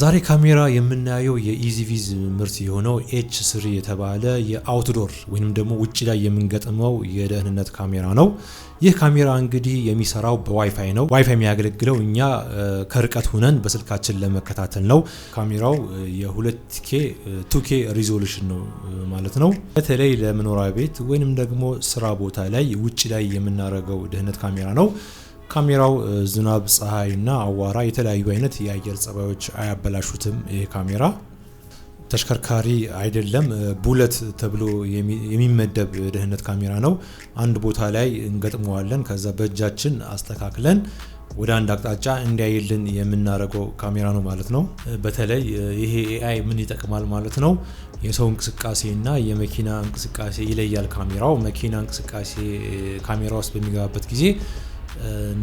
ዛሬ ካሜራ የምናየው የኢዚቪዝ ምርት የሆነው ኤች ስሪ የተባለ የአውትዶር ወይም ደግሞ ውጭ ላይ የምንገጥመው የደህንነት ካሜራ ነው። ይህ ካሜራ እንግዲህ የሚሰራው በዋይፋይ ነው። ዋይፋይ የሚያገለግለው እኛ ከርቀት ሁነን በስልካችን ለመከታተል ነው። ካሜራው የሁለት ኬ ቱኬ ሪዞሉሽን ነው ማለት ነው። በተለይ ለመኖሪያ ቤት ወይንም ደግሞ ስራ ቦታ ላይ ውጭ ላይ የምናደርገው ደህንነት ካሜራ ነው። ካሜራው ዝናብ፣ ፀሐይ እና አዋራ የተለያዩ አይነት የአየር ጸባዮች አያበላሹትም። ይህ ካሜራ ተሽከርካሪ አይደለም፣ ቡለት ተብሎ የሚመደብ ደህንነት ካሜራ ነው። አንድ ቦታ ላይ እንገጥመዋለን። ከዛ በእጃችን አስተካክለን ወደ አንድ አቅጣጫ እንዲያይልን የምናደርገው ካሜራ ነው ማለት ነው። በተለይ ይሄ ኤአይ ምን ይጠቅማል ማለት ነው? የሰው እንቅስቃሴ እና የመኪና እንቅስቃሴ ይለያል ካሜራው። መኪና እንቅስቃሴ ካሜራ ውስጥ በሚገባበት ጊዜ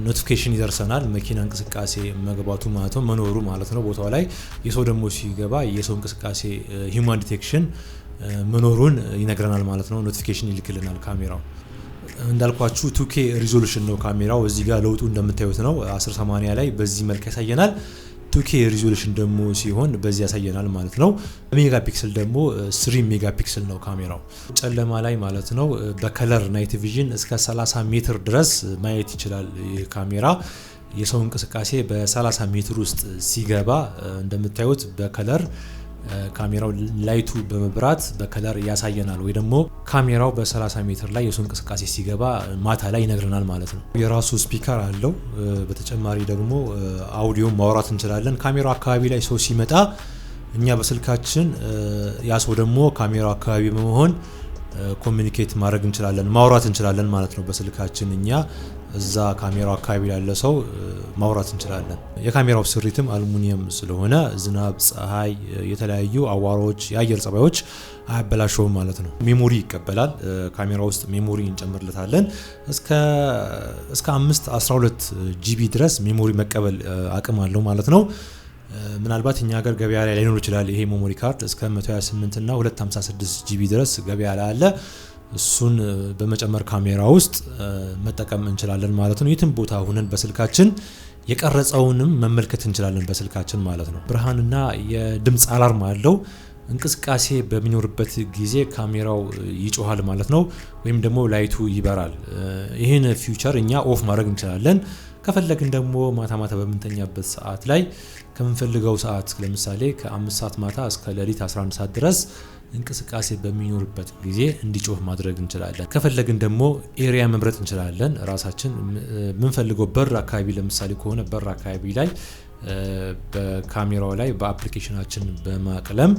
ኖቲፊኬሽን ይደርሰናል መኪና እንቅስቃሴ መግባቱ ማለት ነው መኖሩ ማለት ነው ቦታው ላይ የሰው ደግሞ ሲገባ የሰው እንቅስቃሴ ሂውማን ዲቴክሽን መኖሩን ይነግረናል ማለት ነው። ኖቲፊኬሽን ይልክልናል ካሜራው። እንዳልኳችሁ ቱኬ ሪዞሉሽን ነው ካሜራው። እዚህ ጋር ለውጡ እንደምታዩት ነው 1080 ላይ በዚህ መልክ ያሳየናል። ቱኬ ሪዞሉሽን ደግሞ ሲሆን በዚህ ያሳየናል ማለት ነው። ሜጋ ፒክስል ደግሞ ስሪ ሜጋ ፒክስል ነው ካሜራው። ጨለማ ላይ ማለት ነው በከለር ናይት ቪዥን እስከ 30 ሜትር ድረስ ማየት ይችላል ይህ ካሜራ። የሰው እንቅስቃሴ በ30 ሜትር ውስጥ ሲገባ እንደምታዩት በከለር ካሜራው ላይቱ በመብራት በከለር ያሳየናል ወይ ደግሞ ካሜራው በ30 ሜትር ላይ የሱ እንቅስቃሴ ሲገባ ማታ ላይ ይነግረናል ማለት ነው። የራሱ ስፒከር አለው። በተጨማሪ ደግሞ አውዲዮ ማውራት እንችላለን። ካሜራው አካባቢ ላይ ሰው ሲመጣ እኛ በስልካችን ያ ሰው ደግሞ ካሜራው አካባቢ በመሆን ኮሚኒኬት ማድረግ እንችላለን፣ ማውራት እንችላለን ማለት ነው። በስልካችን እኛ እዛ ካሜራው አካባቢ ላለ ሰው ማውራት እንችላለን። የካሜራው ስሪትም አልሙኒየም ስለሆነ ዝናብ፣ ፀሐይ፣ የተለያዩ አዋራዎች፣ የአየር ጸባዮች አያበላሸውም ማለት ነው። ሜሞሪ ይቀበላል። ካሜራ ውስጥ ሜሞሪ እንጨምርለታለን። እስከ 5 12 ጂቢ ድረስ ሜሞሪ መቀበል አቅም አለው ማለት ነው። ምናልባት እኛ ሀገር ገበያ ላይ ላይኖር ይችላል። ይሄ ሜሞሪ ካርድ እስከ 128 እና 256 ጂቢ ድረስ ገበያ ላይ አለ። እሱን በመጨመር ካሜራ ውስጥ መጠቀም እንችላለን ማለት ነው። የትም ቦታ ሁነን በስልካችን የቀረጸውንም መመልከት እንችላለን በስልካችን ማለት ነው። ብርሃንና የድምፅ አላርም አለው። እንቅስቃሴ በሚኖርበት ጊዜ ካሜራው ይጮሃል ማለት ነው፣ ወይም ደግሞ ላይቱ ይበራል። ይህን ፊውቸር እኛ ኦፍ ማድረግ እንችላለን። ከፈለግን ደግሞ ማታ ማታ በምንተኛበት ሰዓት ላይ ከምንፈልገው ሰዓት ለምሳሌ ከአምስት ሰዓት ማታ እስከ ሌሊት 11 ሰዓት ድረስ እንቅስቃሴ በሚኖርበት ጊዜ እንዲጮህ ማድረግ እንችላለን። ከፈለግን ደግሞ ኤሪያ መምረጥ እንችላለን። ራሳችን የምንፈልገው በር አካባቢ ለምሳሌ ከሆነ በር አካባቢ ላይ በካሜራው ላይ በአፕሊኬሽናችን በማቅለም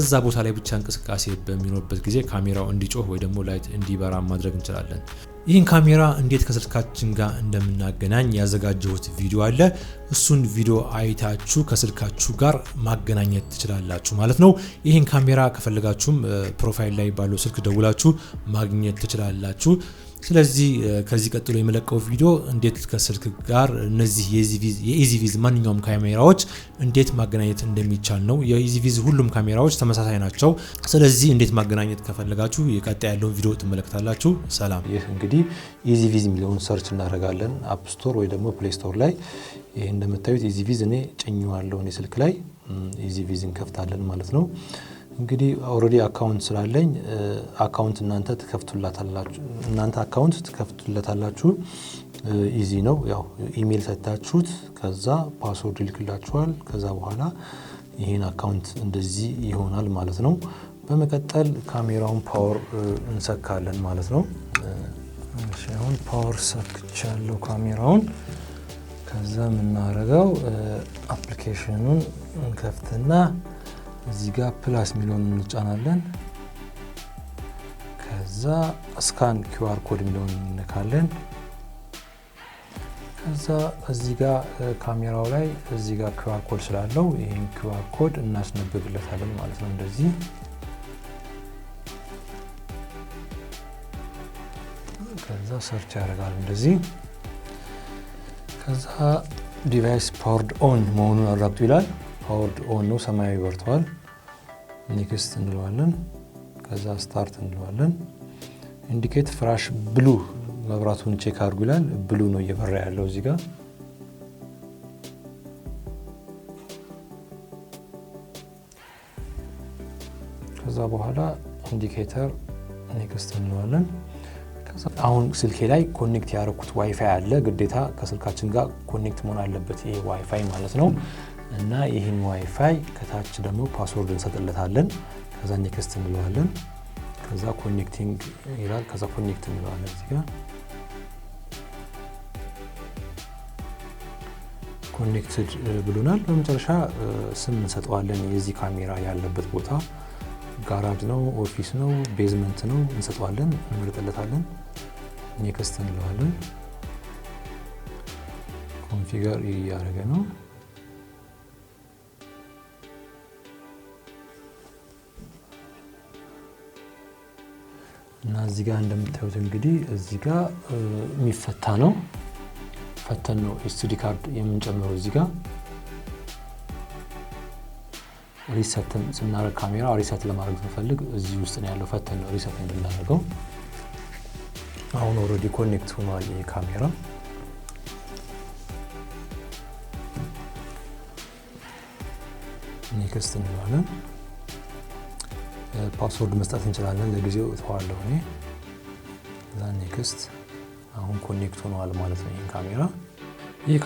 እዛ ቦታ ላይ ብቻ እንቅስቃሴ በሚኖርበት ጊዜ ካሜራው እንዲጮህ ወይ ደግሞ ላይት እንዲበራ ማድረግ እንችላለን። ይህን ካሜራ እንዴት ከስልካችን ጋር እንደምናገናኝ ያዘጋጀሁት ቪዲዮ አለ። እሱን ቪዲዮ አይታችሁ ከስልካችሁ ጋር ማገናኘት ትችላላችሁ ማለት ነው። ይህን ካሜራ ከፈለጋችሁም ፕሮፋይል ላይ ባለው ስልክ ደውላችሁ ማግኘት ትችላላችሁ። ስለዚህ ከዚህ ቀጥሎ የመለቀው ቪዲዮ እንዴት ከስልክ ጋር እነዚህ የኢዚቪዝ ማንኛውም ካሜራዎች እንዴት ማገናኘት እንደሚቻል ነው። የኢዚቪዝ ሁሉም ካሜራዎች ተመሳሳይ ናቸው። ስለዚህ እንዴት ማገናኘት ከፈለጋችሁ የቀጣይ ያለውን ቪዲዮ ትመለከታላችሁ። ሰላም። ይህ እንግዲህ ኢዚቪዝ የሚለውን ሰርች እናደርጋለን አፕ ስቶር ወይ ደግሞ ፕሌይ ስቶር ላይ ይሄ እንደምታዩት ኢዚ ቪዝ እኔ ጭኘዋለሁ እኔ ስልክ ላይ ኢዚ ቪዝ እንከፍታለን ማለት ነው። እንግዲህ ኦልሬዲ አካውንት ስላለኝ አካውንት እናንተ ትከፍቱላታላችሁ እናንተ አካውንት ትከፍቱለታላችሁ። ኢዚ ነው ያው ኢሜይል ሰታችሁት ከዛ ፓስወርድ ይልክላችኋል። ከዛ በኋላ ይህን አካውንት እንደዚህ ይሆናል ማለት ነው። በመቀጠል ካሜራውን ፓወር እንሰካለን ማለት ነው። አሁን ፓወር ሰክቻለሁ ካሜራውን ከዛ የምናደርገው አፕሊኬሽኑን እንከፍትና እዚህ ጋር ፕላስ የሚለውን እንጫናለን። ከዛ ስካን ኪዋር ኮድ የሚለውን እንነካለን። ከዛ እዚህ ጋር ካሜራው ላይ እዚህ ጋር ኪዋር ኮድ ስላለው ይህን ኪዋር ኮድ እናስነብብለታለን ማለት ነው። እንደዚህ ከዛ ሰርች ያደርጋል እንደዚህ ከዛ ዲቫይስ ፓወርድ ኦን መሆኑን አራግጡ ይላል። ፓወርድ ኦን ነው፣ ሰማያዊ በርተዋል። ኔክስት እንለዋለን። ከዛ ስታርት እንለዋለን። ኢንዲኬት ፍራሽ ብሉ መብራቱን ቼክ አድርጉ ይላል። ብሉ ነው እየበራ ያለው እዚህ ጋር ከዛ በኋላ ኢንዲኬተር ኔክስት እንለዋለን። አሁን ስልኬ ላይ ኮኔክት ያደረኩት ዋይፋይ አለ። ግዴታ ከስልካችን ጋር ኮኔክት መሆን አለበት ይሄ ዋይፋይ ማለት ነው። እና ይህን ዋይፋይ ከታች ደግሞ ፓስወርድ እንሰጥለታለን። ከዛ ኔክስት እንለዋለን። ከዛ ኮኔክቲንግ ይላል። ከዛ ኮኔክት እንለዋለን እዚህ ጋር ኮኔክትድ ብሎናል። በመጨረሻ ስም እንሰጠዋለን የዚህ ካሜራ ያለበት ቦታ ጋራጅ ነው፣ ኦፊስ ነው፣ ቤዝመንት ነው እንሰጠዋለን፣ እንመርጠለታለን፣ ኔክስት እንለዋለን። ኮንፊገር እያደረገ ነው። እና እዚህ ጋር እንደምታዩት እንግዲህ እዚህ ጋር የሚፈታ ነው። ፈተን ነው ኤስዲ ካርድ የምንጨምረው እዚህ ጋር ሪሰት ስናደርግ ካሜራ ሪሰት ለማድረግ ስንፈልግ እዚህ ውስጥ ነው ያለው ፈተን ነው ሪሰት እንድናደርገው አሁን ኦልሬዲ ኮኔክት ሆኗል ይሄ ካሜራ። ኔክስት እንለዋለን። ፓስወርድ eh, መስጠት እንችላለን። ለጊዜው እተዋለሁ እኔ። ዛ ኔክስት። አሁን ኮኔክት ሆኗል ማለት ነው ይህን ካሜራ